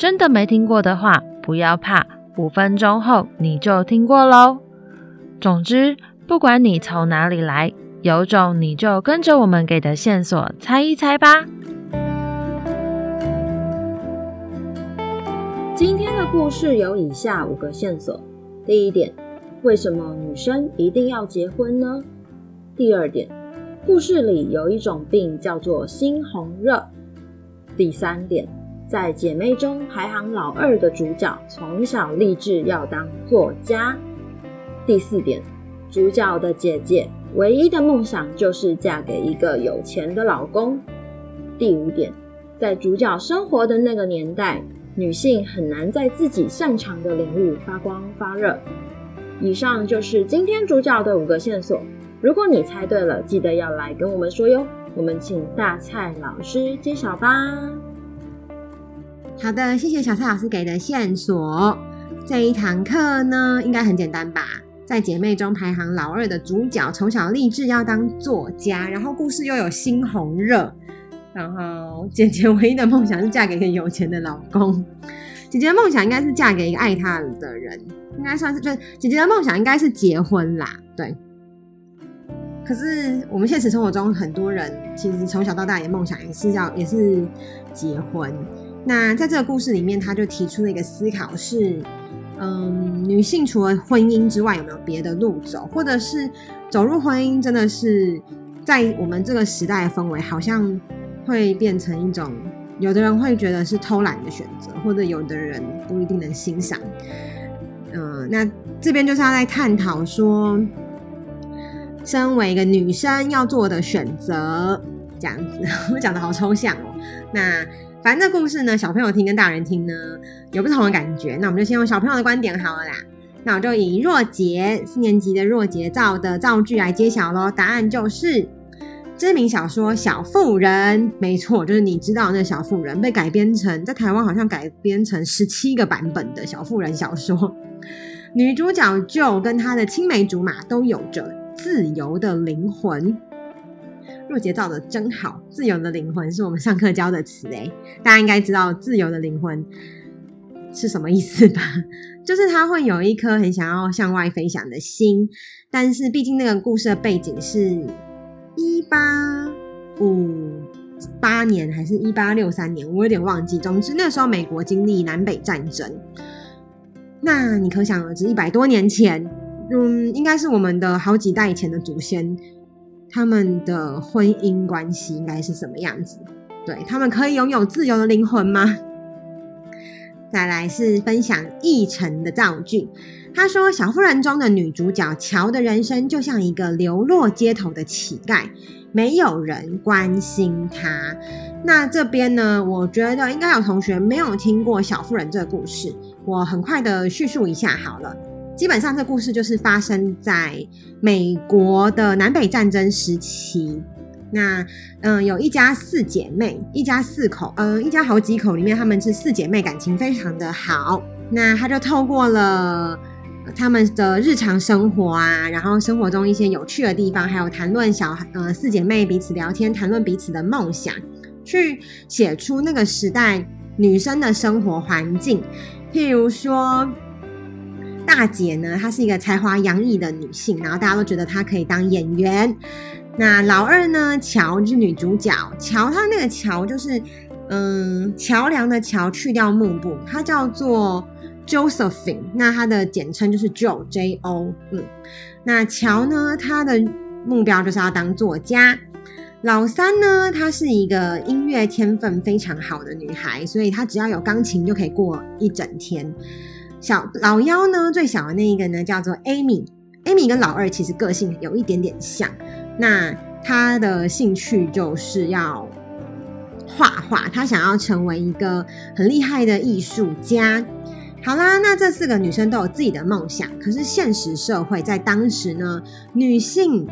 真的沒聽過的話，不要怕，五分鐘後你就聽過嘍。總之，不管你從哪裡來，有種你就跟着我們給的線索猜一猜吧。今天的故事有以下五個線索：第一點，為什麼女生一定要結婚呢？第二點，故事裡有一種病叫做心紅熱。第三點。在姐妹中排行老二的主角，從小立志要當作家。第四點，主角的姐姐唯一的夢想就是嫁給一個有錢的老公。第五點，在主角生活的那個年代，女性很難在自己擅長的領域發光發熱。以上就是今天主角的五個線索。如果你猜對了，記得要來跟我們說喲。我們請大蔡老師揭曉吧。好的，謝謝小蔡老師給的線索。這一堂課呢，應該很簡單吧？在姐妹中排行老二的主角，從小立志要當作家，然後故事又有猩紅熱，然後姐姐唯一的夢想是嫁給一個有錢的老公，姐姐的夢想應該是嫁給一個愛她的人，應該算是就是姐姐的夢想應該是結婚啦，對。可是我們現實生活中很多人其實從小到大也夢想也是要也是結婚。那在這個故事裡面，他就提出了一個思考：是，嗯、呃，女性除了婚姻之外，有沒有別的路走？或者是走入婚姻，真的是在我們這個時代的氛圍，好像會變成一種，有的人會覺得是偷懶的選擇，或者有的人不一定能欣賞。嗯、呃，那這邊就是他在探討說，身為一個女生要做的選擇，這樣子， 我講的好抽象哦。那。反正這故事呢，小朋友聽跟大人聽呢，有不同的感覺。那我們就先用小朋友的觀點好了啦。那我就以若杰四年級的若杰造的造句來揭曉嘍。答案就是知名小說《小婦人》，沒錯，就是你知道那《小婦人》被改編成在台灣好像改編成十七個版本的《小婦人》小說，女主角就跟她的青梅竹馬都有着自由的靈魂。若傑造的真好。自由的靈魂是我們上課教的詞誒，大家應該知道自由的靈魂是什麼意思吧？就是他會有一顆很想要向外飛翔的心，但是畢竟那個故事的背景是一八五八年還是一八六三年，我有點忘記止。總之那時候美國經歷南北戰爭，那你可想而知，一百多年前，嗯，應該是我們的好幾代以前的祖先，他們的婚姻關係應該是什麼樣子？對，他們可以擁有自由的靈魂嗎？再來是分享譯成的造句。他說：“小婦人”中的女主角喬的人生就像一個流落街頭的乞丐，沒有人關心她。那這邊呢？我覺得應該有同學沒有聽過《小婦人》這個故事，我很快的敘述一下好了。基本上，這故事就是發生在美國的南北戰爭時期。那，嗯、呃，有一家四姐妹，一家四口，嗯、呃，一家好幾口裡面，他們是四姐妹，感情非常的好。那他就透過了他們的日常生活啊，然後生活中一些有趣的地方，還有談論小孩，呃，四姐妹彼此聊天，談論彼此的夢想，去寫出那個時代女生的生活環境，譬如說。大姐呢，她是一個才華洋溢的女性，然後大家都覺得她可以當演員。那老二呢，喬是女主角，喬她那個喬就是嗯，橋梁的橋去掉木部，她叫做 Josephine，那她的簡稱就是 Jo J O。嗯，那喬呢，她的目標就是要當作家。老三呢，她是一個音樂天分非常好的女孩，所以她只要有鋼琴就可以過一整天。小老幺呢，最小的那一個呢，叫做 Amy。Amy 跟老二其實個性有一點點像，那她的興趣就是要畫畫，她想要成為一個很厲害的藝術家。好啦，那這四個女生都有自己的夢想，可是現實社會在當時呢，女性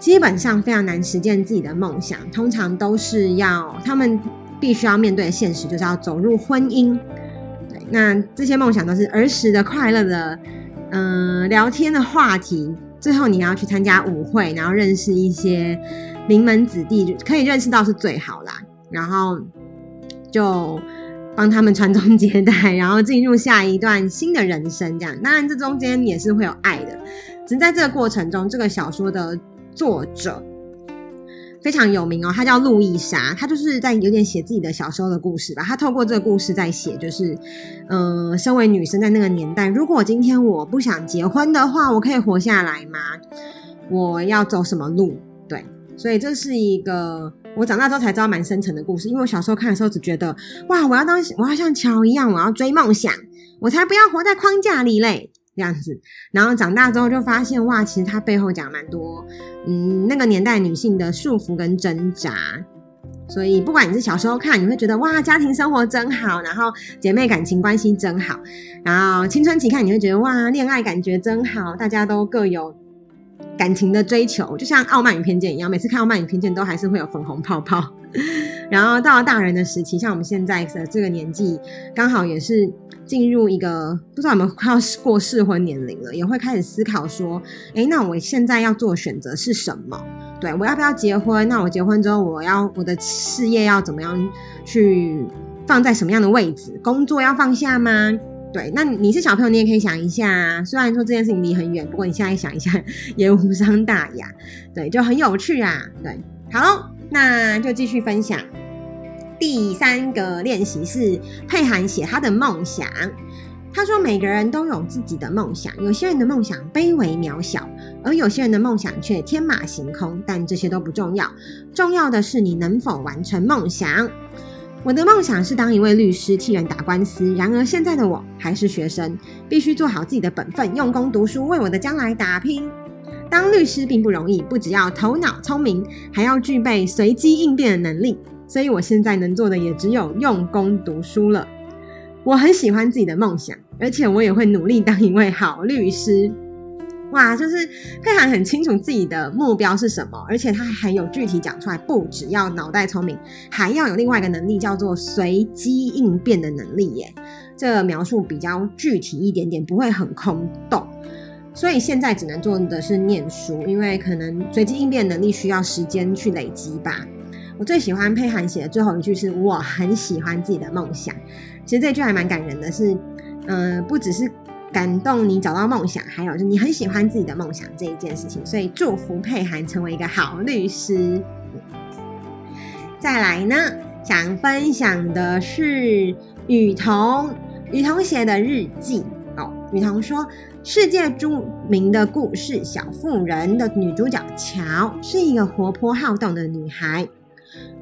基本上非常難實現自己的夢想，通常都是要她們必須要面對現實，就是要走入婚姻。那這些夢想都是兒時的快樂的，嗯、呃，聊天的話題。最後你要去參加舞會，然後認識一些名門子弟，就可以認識到是最好啦。然後就幫他們傳宗接代，然後進入下一段新的人生。這樣，當然這中間也是會有愛的，只是在這個過程中，這個小說的作者。非常有名哦，她叫路易莎，她就是在有點寫自己的小時候的故事吧。她透過這個故事在寫，就是，嗯、呃，身為女生在那個年代，如果今天我不想結婚的話，我可以活下來嗎？我要走什麼路？對，所以這是一個我長大之後才知道蠻深層的故事，因為我小時候看的時候只覺得，哇，我要當，我要像喬一樣，我要追夢想，我才不要活在框架裡嘞。這樣子，然後長大之後就發現，哇，其實他背後講蠻多，嗯，那個年代女性的束縛跟掙扎。所以，不管你是小時候看，你會覺得哇，家庭生活真好；然後姐妹感情關係真好；然後青春期看，你會覺得哇，戀愛感覺真好，大家都各有。感情的追求，就像《傲慢與偏見》一樣，每次看《傲慢與偏見》都還是會有粉紅泡泡。 然後到了大人的時期，像我們現在的這個年紀，剛好也是進入一個不知道有沒有快要過適婚年齡了，也會開始思考說：哎、欸，那我現在要做的選擇是什麼？對，我要不要結婚？那我結婚之後，我要我的事業要怎麼樣去放在什麼樣的位置？工作要放下嗎？對，那你是小朋友，你也可以想一下。雖然說這件事情離很遠，不過你現在想一下也無傷大雅。對，就很有趣啊。對，好，那就繼續分享。第三個練習是佩涵寫他的夢想。他說，每個人都有自己的夢想，有些人的夢想卑微渺小，而有些人的夢想卻天馬行空。但這些都不重要，重要的是你能否完成夢想。我的夢想是當一位律師，替人打官司。然而，現在的我還是學生，必須做好自己的本分，用功讀書，為我的將來打拼。當律師並不容易，不只要頭腦聰明，還要具備隨機應變的能力。所以我現在能做的也只有用功讀書了。我很喜歡自己的夢想，而且我也會努力當一位好律師。哇，就是佩涵很清楚自己的目標是什麼，而且他還很有具體講出來，不只要腦袋聰明，還要有另外一個能力叫做隨機應變的能力耶。這個、描述比較具體一點點，不會很空洞。所以現在只能做的是念書，因為可能隨機應變能力需要時間去累積吧。我最喜歡佩涵寫的最後一句是：“我很喜歡自己的夢想。”其實這句還蠻感人的是，是、呃、嗯，不只是。感動你找到夢想，還有就你很喜歡自己的夢想這一件事情，所以祝福佩涵成為一個好律師。嗯。再來呢，想分享的是雨桐，雨桐寫的日記哦。雨桐說，世界著名的故事《小婦人》的女主角喬是一個活潑好動的女孩，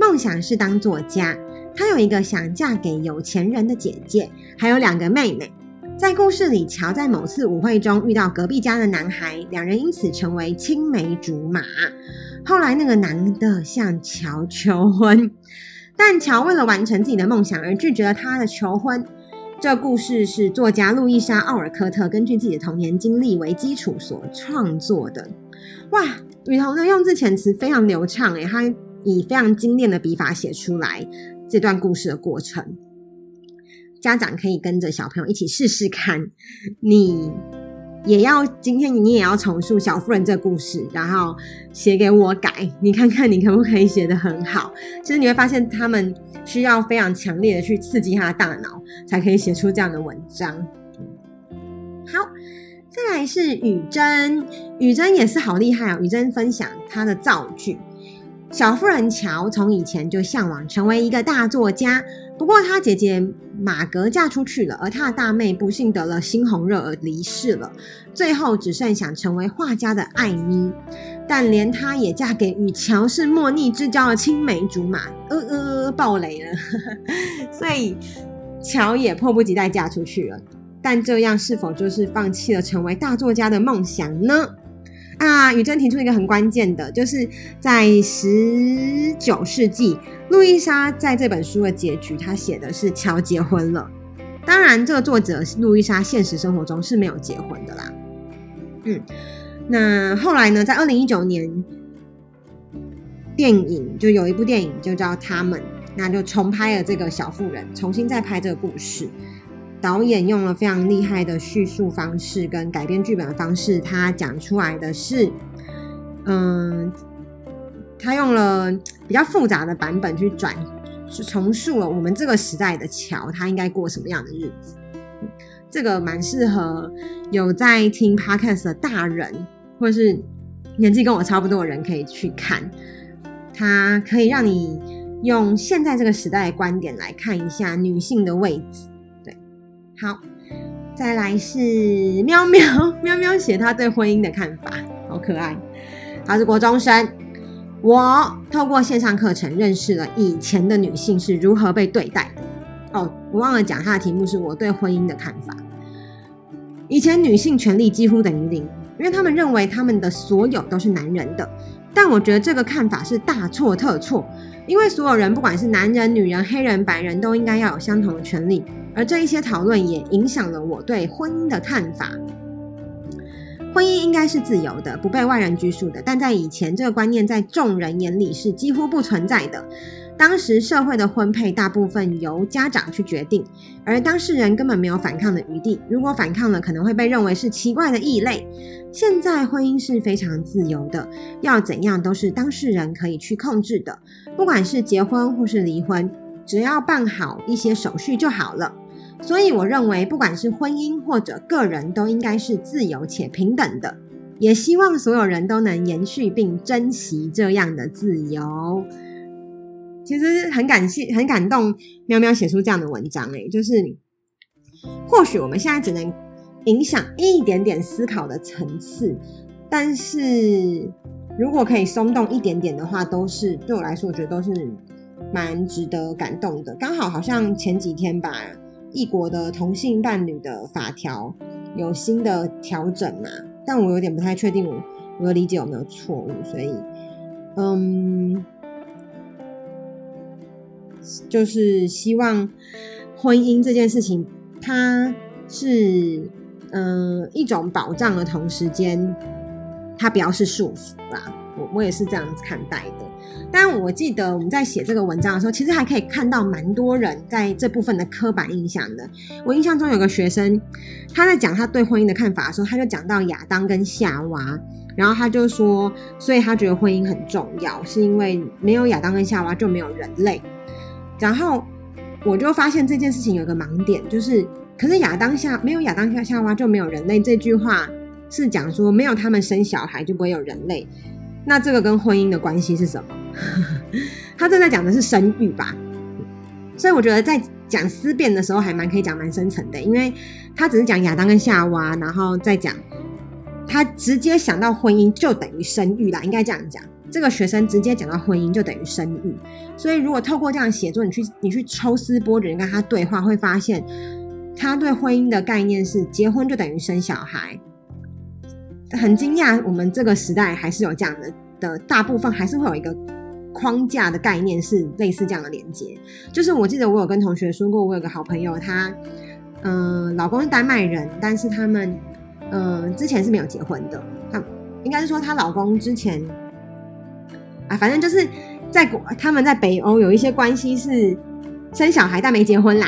夢想是當作家。她有一個想嫁給有錢人的姐姐，還有兩個妹妹。在故事裡，喬在某次舞會中遇到隔壁家的男孩，兩人因此成為青梅竹馬。後來，那個男的向喬求婚，但喬為了完成自己的夢想而拒絕了他的求婚。這故事是作家路易莎·奧爾科特根據自己的童年經歷為基礎所創作的。哇，雨桐的用字遣詞非常流暢誒、欸，他以非常精煉的筆法寫出來這段故事的過程。家長可以跟着小朋友一起試試看，你也要今天你也要重述小婦人這個故事，然後寫給我改，你看看你可不可以寫得很好。其實你會發現，他們需要非常強烈的去刺激他的大腦，才可以寫出這樣的文章。好，再來是雨珍，雨珍也是好厲害啊！雨珍分享他的造句：小婦人喬從以前就嚮往成為一個大作家。不過，她姐姐瑪格嫁出去了，而她的大妹不幸得了猩紅熱而離世了，最後只剩想成為畫家的艾妮，但連她也嫁給與喬是莫逆之交的青梅竹馬，呃呃呃，暴雷了，呵呵，所以喬也迫不及待嫁出去了，但這樣是否就是放棄了成為大作家的夢想呢？啊，雨珍提出一個很關鍵的，就是在十九世紀，路易莎在這本書的結局，她寫的是喬結婚了。當然，這個作者路易莎現實生活中是沒有結婚的啦。嗯，那後來呢，在二零一九年，電影就有一部電影就叫《她們》，那就重拍了這個小婦人，重新再拍這個故事。導演用了非常厲害的敘述方式跟改編劇本的方式，他講出來的是，嗯，他用了比較複雜的版本去轉去重塑了我們這個時代的喬，他應該過什麼樣的日子。這個蠻適合有在聽 podcast 的大人，或是年紀跟我差不多的人可以去看，它可以讓你用現在這個時代的觀點來看一下女性的位置。好，再來是喵喵喵喵寫他對婚姻的看法，好可愛。他是國中生，我透過線上課程認識了以前的女性是如何被對待的。哦，我忘了講他的題目是我對婚姻的看法。以前女性權利幾乎等於零，因為他們認為他們的所有都是男人的。但我覺得這個看法是大錯特錯，因為所有人不管是男人、女人、黑人、白人都應該要有相同的權利。而這一些討論也影響了我對婚姻的看法。婚姻應該是自由的，不被外人拘束的。但在以前，這個觀念在眾人眼裡是幾乎不存在的。當時社會的婚配大部分由家長去決定，而當事人根本沒有反抗的餘地。如果反抗了，可能會被認為是奇怪的異類。現在婚姻是非常自由的，要怎樣都是當事人可以去控制的。不管是結婚或是離婚，只要辦好一些手續就好了。所以，我認為不管是婚姻或者個人，都應該是自由且平等的。也希望所有人都能延續並珍惜這樣的自由。其實很感謝、很感動，喵喵寫出這樣的文章，欸。哎，就是或許我們現在只能影響一點點思考的層次，但是如果可以鬆動一點點的話，都是對我來說，我覺得都是蠻值得感動的。剛好好像前幾天吧。異國的同性伴侶的法條有新的調整嘛？但我有點不太確定我，我的理解有沒有錯誤？所以，嗯，就是希望婚姻這件事情，它是嗯、呃、一種保障的同時間，它不要是束縛吧。我也是這樣子看待的，但我記得我們在寫這個文章的時候，其實還可以看到蠻多人在這部分的刻板印象的。我印象中有個學生，他在講他對婚姻的看法的時候，他就講到亞當跟夏娃，然後他就說，所以他覺得婚姻很重要，是因為沒有亞當跟夏娃就沒有人類。然後我就發現這件事情有個盲點，就是可是亞當夏沒有亞當夏夏娃就沒有人類，這句話是講說沒有他們生小孩就不會有人類。那這個跟婚姻的關係是什麼？ 他正在講的是生育吧，所以我覺得在講思辨的時候，還蠻可以講蠻深層的，因為他只是講亞當跟夏娃，然後再講他直接想到婚姻就等於生育啦。應該這樣講。這個學生直接講到婚姻就等於生育，所以如果透過這樣寫作，你去你去抽絲剝繭跟他對話，會發現他對婚姻的概念是結婚就等於生小孩。很驚訝，我們這個時代還是有這樣的的，大部分還是會有一個框架的概念，是類似這樣的連接。就是我記得我有跟同學說過，我有個好朋友，她，嗯、呃，老公是丹麥人，但是他們嗯、呃、之前是沒有結婚的。她應該是說她老公之前啊，反正就是在國，他們在北歐有一些關係是生小孩但沒結婚啦，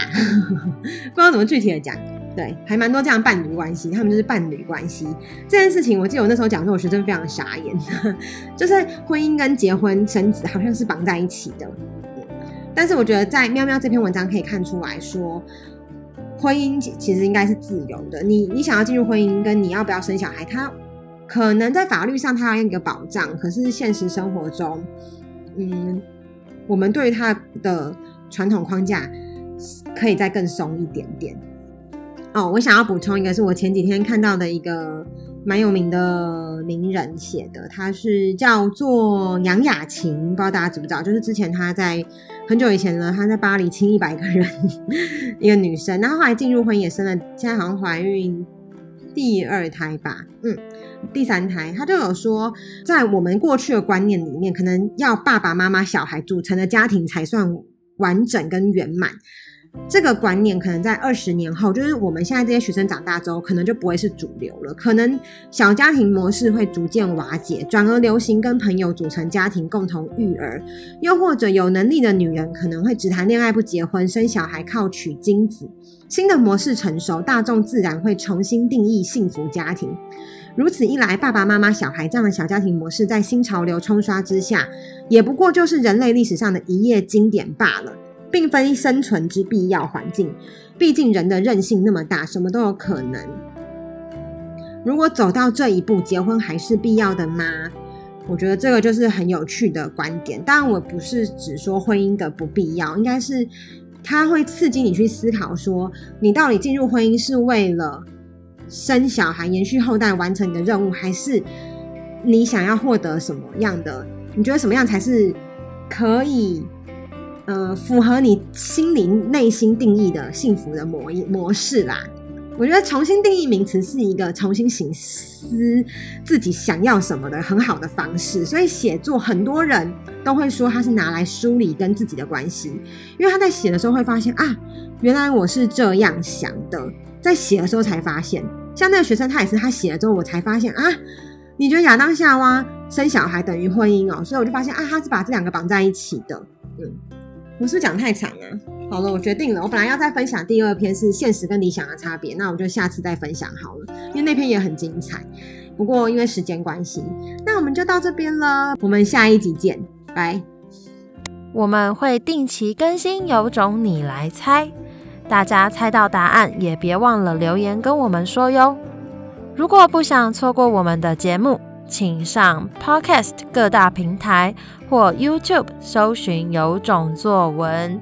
不知道怎麼具體的講。對，還蠻多這樣伴侶關係，他們就是伴侶關係這件事情。我記得我那時候講的時候，我覺得真的非常傻眼， 就是婚姻跟結婚生子好像是綁在一起的。但是我覺得在喵喵這篇文章可以看出來說，婚姻其實應該是自由的。你你想要進入婚姻，跟你要不要生小孩，它可能在法律上它要有一個保障，可是現實生活中，嗯，我們對於它的傳統框架可以再更鬆一點點。哦，我想要補充一個，是我前幾天看到的一個蠻有名的名人寫的，他是叫做楊雅晴，不知道大家知不知道？就是之前他在很久以前呢，他在巴黎親一百個人，一個女生，然後後來進入婚姻生了，現在好像懷孕第二胎吧，嗯，第三胎，他就有說，在我們過去的觀念裡面，可能要爸爸媽媽、小孩組成的家庭才算完整跟圓滿。這個觀念可能在二十年後，就是我們現在這些學生長大之後，可能就不會是主流了。可能小家庭模式會逐漸瓦解，轉而流行跟朋友組成家庭共同育兒，又或者有能力的女人可能會只談戀愛不結婚，生小孩靠取精子。新的模式成熟，大眾自然會重新定義幸福家庭。如此一來，爸爸媽媽小孩這樣的小家庭模式，在新潮流沖刷之下，也不過就是人類歷史上的一頁經典罷了。並非生存之必要環境，畢竟人的韌性那麼大，什麼都有可能。如果走到這一步，結婚還是必要的嗎？我覺得這個就是很有趣的觀點。當然，我不是只說婚姻的不必要，應該是它會刺激你去思考說：說你到底進入婚姻是為了生小孩、延續後代、完成你的任務，還是你想要獲得什麼樣的？你覺得什麼樣才是可以？呃，符合你心靈內心定義的幸福的模模式啦。我覺得重新定義名詞是一個重新省思自己想要什麼的很好的方式。所以寫作很多人都會說他是拿來梳理跟自己的關係，因為他在寫的時候會發現啊，原來我是這樣想的。在寫的時候才發現，像那個學生他也是，他寫了之後我才發現啊，你覺得亞當夏娃生小孩等於婚姻哦，所以我就發現啊，他是把這兩個綁在一起的，嗯。是不是講太長了啊？好了，我決定了，我本來要再分享第二篇是現實跟理想的差別，那我就下次再分享好了，因為那篇也很精彩。不過因為時間關係，那我們就到這邊了，我們下一集見，拜。我們會定期更新《有種你來猜》，大家猜到答案也別忘了留言跟我們說喲。如果不想錯過我們的節目，請上 Podcast 各大平台或 YouTube 搜尋“有種作文”，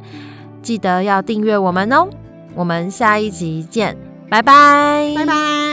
記得要訂閱我們哦！我們下一集見，拜拜，拜拜。